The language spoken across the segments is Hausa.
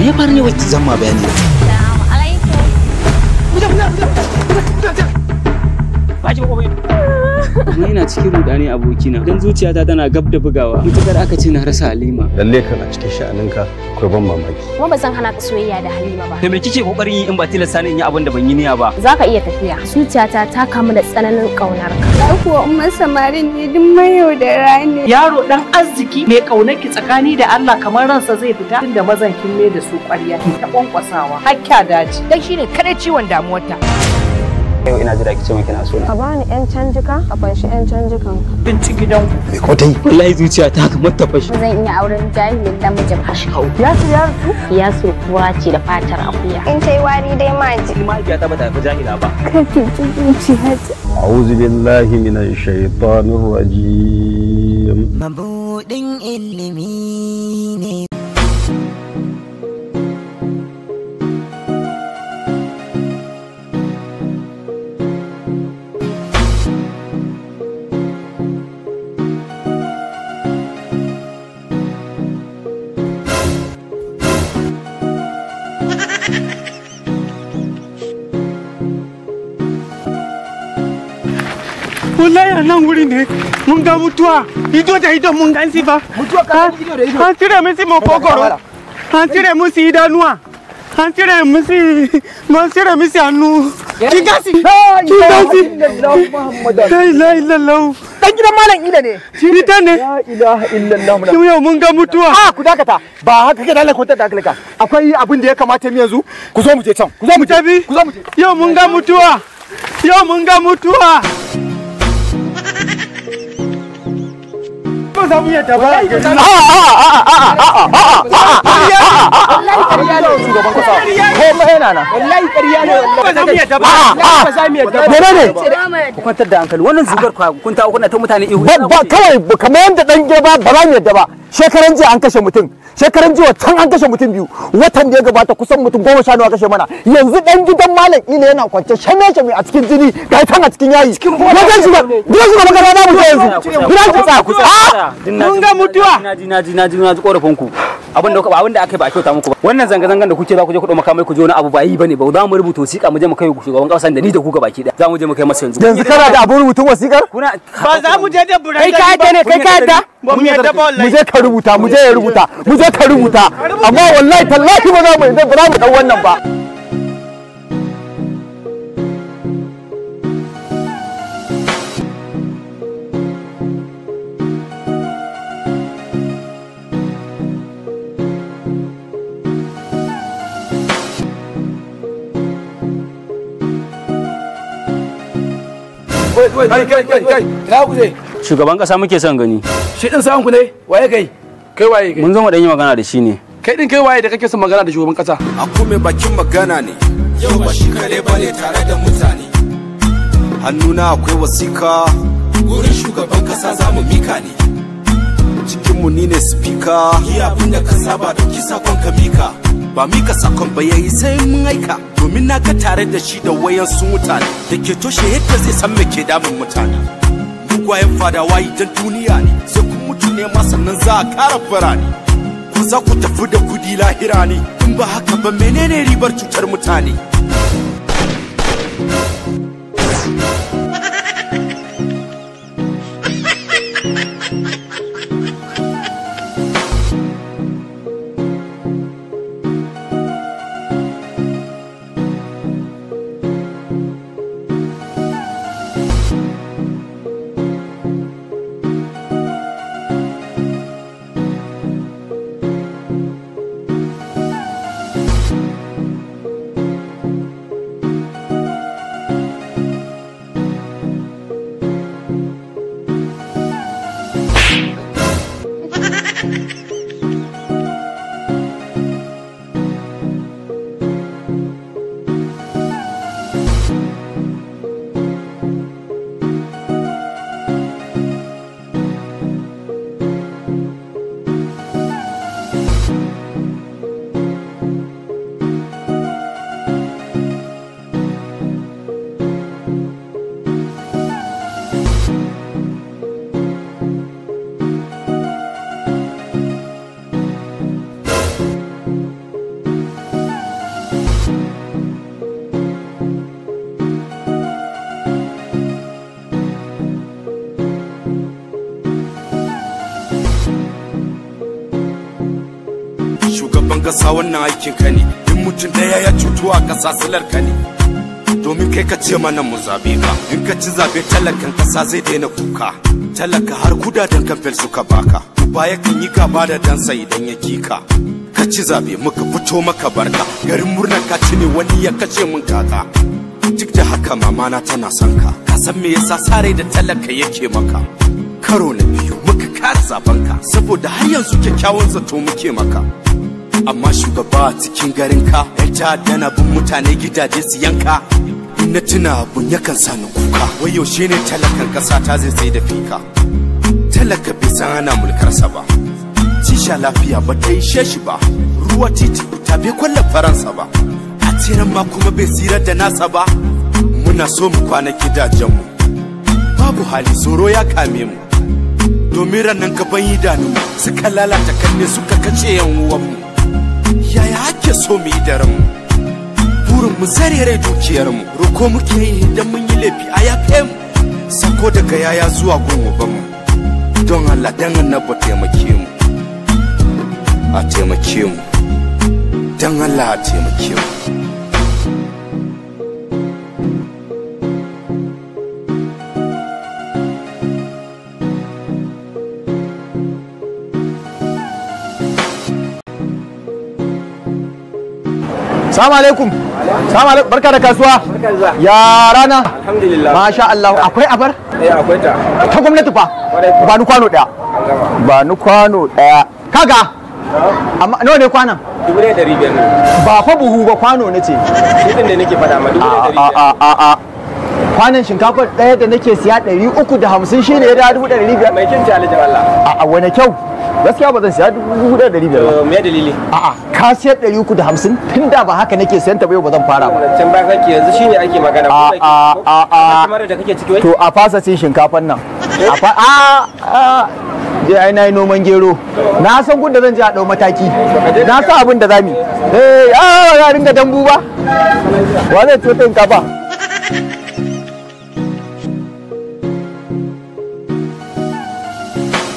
me ya faru ne wacce zan ma bayani Assalamu alaikum. Muja muja muja muja muja. Ba kuma yana cikin rudani abokina dan zuciyata tana gab da bugawa mutakar aka ce na rasa halima lalle kan a cikin sha'aninka akwai ban mamaki kuma ba zan hana ka soyayya da halima ba kai me kike kokarin yi in ba tilasta ni in yi abin da ban yi niyya ba zaka iya tafiya zuciyata ta kamu da tsananin kaunar ka ai kuwa umman samarin ne duk mayo da rani yaro dan arziki mai kaunar ki tsakani da Allah kamar ransa zai fita da mazan kin ne da su ƙwarya ta kwankwasawa hakka daji dan shine kada ciwon damuwarta yau ina jira ki ce min kina so ka bani yan canjika ka fanshi yan canjikan ci gidan ku. me ko tai wallahi zuciya ta ka mata fashi zan iya auren jahilin namiji ba hau ya su ya su ya su kuwa ce da fatar akuya in tai wari dai ma ji. maji mahaifiya ta bata fi jahila ba kafin zuciya ta a'udhu billahi minash shaitanir rajim mabudin ilimi ne wallahi a nan wuri ne mun ga mutuwa ido da ido mun gan fa ka ido ido an cire musu makogoro an cire musu idanuwa an cire musu an cire musu hannu gasi la ilaha illallah dan gidan malam ila ne ita ne la ilaha illallah mu mun ga mutuwa a ah, ku ba haka kake ta dalaka akwai abin da ya kamata mu yanzu ku zo mu je can ku zo mu je ku zo mu je mun ga mutuwa yau mun ga mutuwa ah, ah, ah, ah, ah, ah, ah, ah, a ah, ah, da ah, ah, ah, ah, ah, ah, ah, ah, mutane ah, ba kawai kamar ah, ah, ah, ba ah, ah, yadda ba shekaran jiya an kashe mutum shekaran jiya can an kashe mutum biyu watan da ya gabata kusan mutum goma sha nawa kashe mana yanzu dan gidan malam ile yana kwance shame shame a cikin jini ga tan a cikin yayi na ga shi ba gidan shi ba magana na mutu yanzu gidan shi ba kusa ah! mun ga mutuwa naji naji naji naji korafin ku abin da abin da aka ba a kyauta muku ba wannan zanga zangan da kuke za ku je ku ku je wani abu ba yi bane ba za mu rubuta wasiƙa mu je mu kai shugaban da ni da ku ga za mu je mu kai masa yanzu yanzu kana da rubutun wasiƙar kuna ba za mu je da burai kai ka ne kai ka da ba mu je ka rubuta mu je ya rubuta ka rubuta amma wallahi tallahi ba za mu ba za mu wannan ba Shugaban ƙasa muke son gani. shi din sa'an ku ne waye kai kai waye kai mun zan dan yi magana da shi ne kai din kai waye da kake son magana da shugaban kasa a kuma bakin magana ne yau ba shi kare bane tare da mutane hannuna akwai wasika gurin shugaban kasa za mu mika ne cikinmu ni ne spika yi abin da ka saba da kisa ka mika ba mika sakon ba yayi sai mun aika domin na ka tare da shi da wayan su mutane da ke toshe yadda zai san me ke damun mutane fada fadawa ta duniya ne sai ku mutu ne ma sannan za a kara ne ku za ku tafi da kudi lahira ne in ba haka ba menene ribar cutar mutane sa wannan aikin ka ne in mutum ɗaya ya cutu a ƙasa silar ka ne domin kai ka ce mana mu zabe ka in ka ci zabe talakan ƙasa zai daina kuka talaka har kudaden kamfen suka baka baya kan yi ba da dansa idan ya kika ka ci zabe muka fito maka barka garin murnar ka ci ne wani ya kace mun kaka duk da haka mamana tana son ka ka san me yasa sare da talaka yake maka karo na biyu muka kasa zaben ka saboda har yanzu kyakkyawan zato muke maka amma shugaba cikin garin ka yan ta dana bin mutane gidaje su yanka in na tuna abun yakan sani kuka wai yaushe ne talakan kasa ta zai sai da fika talaka bai san ana mulkar sa ba tisha lafiya ba ta ishe shi ba ruwa titi ta bai kwallon faransa ba a tiran ma kuma bai tsira da nasa ba muna so mu kwana mu. babu hali tsoro ya kame mu domin ranar gaban idanu suka lalata kanne suka kace yan uwanmu so mu yi daren mu burin mu sarere dukiyar mu roko muke yi idan mun yi laifi a fe mu sako daga yaya zuwa gun ba mu don Allah dan annaba taimake mu a taimake mu dan Allah a taimake mu Salamu alaikum. Salamu alaikum. Barka da kasuwa. Ya rana. Alhamdulillah. Masha Allah. Akwai abar? Eh akwai ta. Ta gwamnati fa. Ba ni kwano daya. Ba ni kwano daya. Kaga. Amma nawa ne kwanan? Dubu ɗaya ɗari biyar Ba fa buhu ba kwano na ce. Idan da nake faɗa ma dubu ɗaya ɗari biyar. A a a kwanan shinkafar ɗaya da nake siya ɗari uku da hamsin shi ne ya dawo dubu ɗari biyar. Mai kyau ce Alhaji Allah. A wane kyau? Gaskiya ba zan siya dubu ɗaya ɗari biyar ba. Me dalili? A'a. ka 350 tun da ba haka nake siyan ta ba yau ba zan fara ba can ba kake yanzu shine ake magana a a a da kake to a fasa cin shinkafan nan a a je ai nayi yi noman gero na san gudda zan je a dau mataki na san abin da zamu eh a ya ringa dambu ba wa zai ciwo tin kafa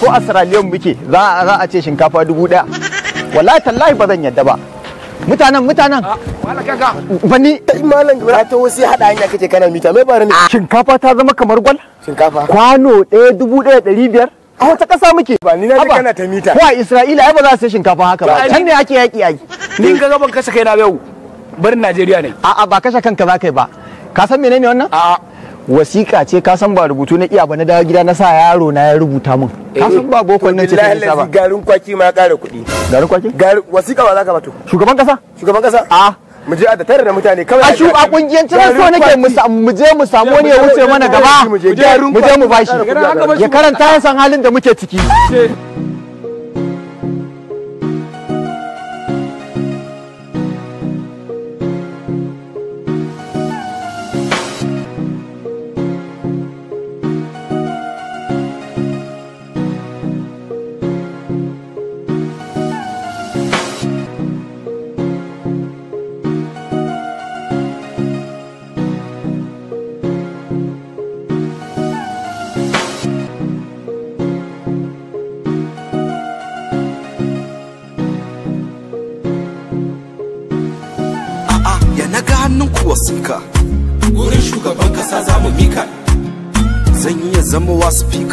ko a saraliyon muke za a ce shinkafa dubu daya wallahi tallahi ba zan yadda ba mutanen mutanen ah, bani malam gura ta wasu hada hanya kake kana mita mai bara ne shinkafa ta zama kamar gwal shinkafa kwano ɗaya dubu ɗaya ɗari biyar a wata ƙasa muke ba ni na ji kana ta mita ko a isra'ila ai ba za su shinkafa haka ba can ne ake yaƙi yaƙi ni ga gaban kashe kai na yau barin najeriya ne a'a ba kashe kanka za ka yi ba ka san menene wannan a'a wasiƙa ce ka san ba rubutu na iya ba na dawo gida na sa yaro na ya rubuta min eh, ka san ba boko na ce sai ba garin kwaki ma ya ƙara kuɗi garin kwaki wasiƙa ba za ka bato shugaban kasa shugaban kasa a ah. mu je a da tare da mutane kawai a shu a kungiyan cikin so nake mu je mu samu wani ya wuce mana gaba mu je mu bashi ya karanta san halin da muke ciki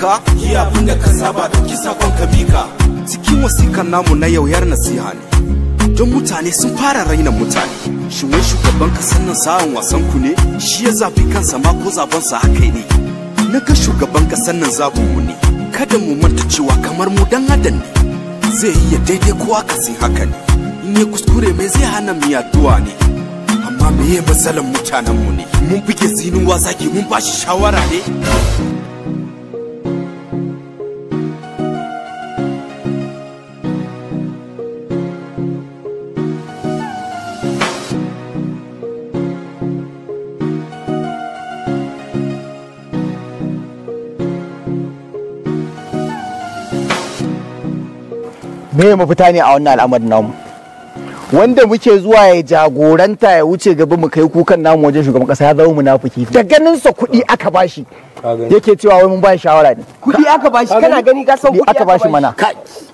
ka yi abin da ka saba da kisa kon ka bika cikin wasikan namu na yau yar nasiha ne don mutane sun fara raina mutane shi wai shugaban kasan nan sa'an wasan ku ne shi ya zafi kansa ma ko zaben sa haka ne na ga shugaban ka nan zabu mu ne kada mu manta cewa kamar mu dan adam ne zai iya daidai kowa ka akasin haka ne in ya kuskure mai zai hana mu yaduwa ne amma meye matsalan mutanen mu ne mun buge zinuwa zaki mun bashi shawara ne me mafita ne a wannan al'amarin namu wanda muke zuwa ya jagoranta ya wuce gaba mu kai kukan namu wajen shugaban kasa ya zama munafiki da ganin sa kuɗi aka bashi yake cewa wai mun ba shawara ne kuɗi aka bashi kana gani ka san kuɗi aka bashi mana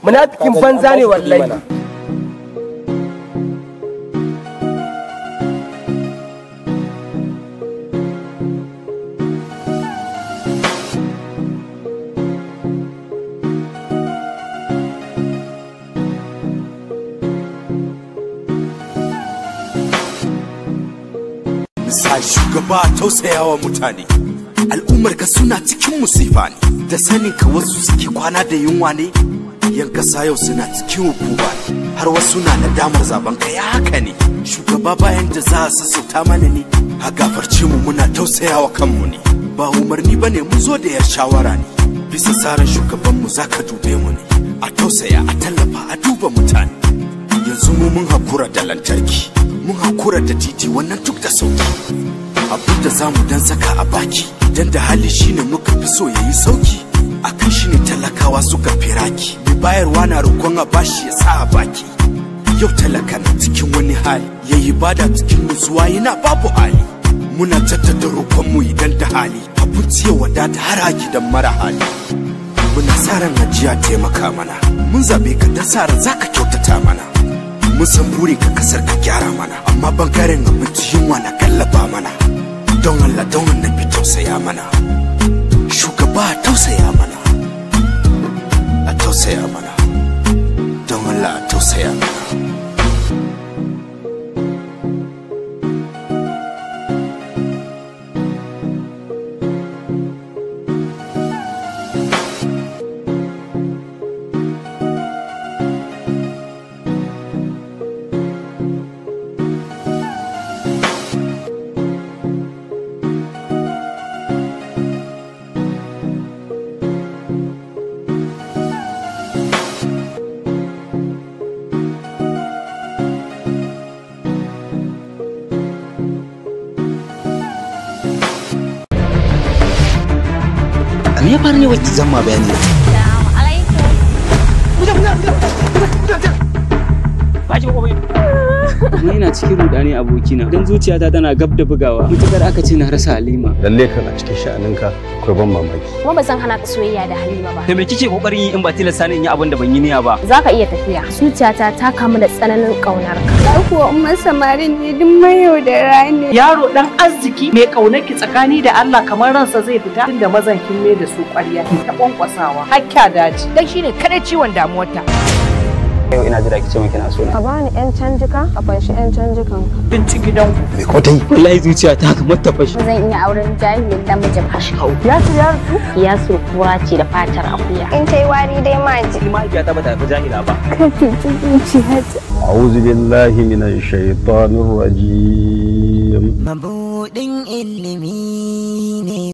munafikin banza ne wallahi shugaba tausayawa mutane al'ummar ka suna cikin musifa ne da sanin ka wasu suke kwana da yunwa ne yan kasa yau suna cikin hukuma ne har wasu na na zaben ka ya haka ne shugaba bayan da za a sassauta mana ne a gafarce mu muna tausayawa kanmu ne ba umarni ba ne mu zo da yar shawara ne bisa tsarin shugabanmu za ka dube mu ne a tausaya a tallafa a duba mutane yanzu mu mun hakura da lantarki mun hakura da titi wannan duk da sauki abin da zamu dan saka a baki dan da hali shine muka fi so yayi sauki a akan shine talakawa suka firaki bi bayarwa na rukun a bashi ya sa a baki yau talaka na cikin wani hali yayi bada cikin nutsuwa yana babu hali muna tattata roƙon mu idan da hali abinci ya wadata har a gidan mara hali muna sa ran ajiya taimaka mana mun zabe ka da sa ran zaka kyautata mana mun san burin ka kasar ka gyara mana amma bangaren abinci yunwa na kallaba mana don Allah don bi tausaya mana shugaba tausaya mana a tausaya mana don Allah a tausaya mana labar ne wacce kuma yana cikin rudani abokina Idan zuciyata tana gab da bugawa mutukar aka ce na rasa halima lalle ka a cikin sha'aninka akwai ban mamaki kuma ba zan hana ka soyayya da halima ba da me kike kokarin yi in ba tilasta ni in yi abin da ban yi niyya ba zaka iya tafiya zuciyata ta kamu da tsananin kaunar ka ya kuwa umman samarin ne duk yau da rani yaro dan arziki mai kaunar ki tsakani da Allah kamar ransa zai fita tunda mazan kin da su ƙwarya ta kwankwasawa hakka daji dan shine kada ciwon damuwarta yau ina jira ki ce min kina suna ka bani yan canjika a fanshi yan canjikan ci gidan me ko tai wallahi zuciya ta kamar mata fashi zan iya auren jahilin da shi ashkau ya su ya su ya su kuwa ce da fatar akuya in tai wari dai ma ji ma ki ta bata fi jahila ba kafin zuciya ta a'udhu billahi minash shaitanir rajim mabudin ilmi ne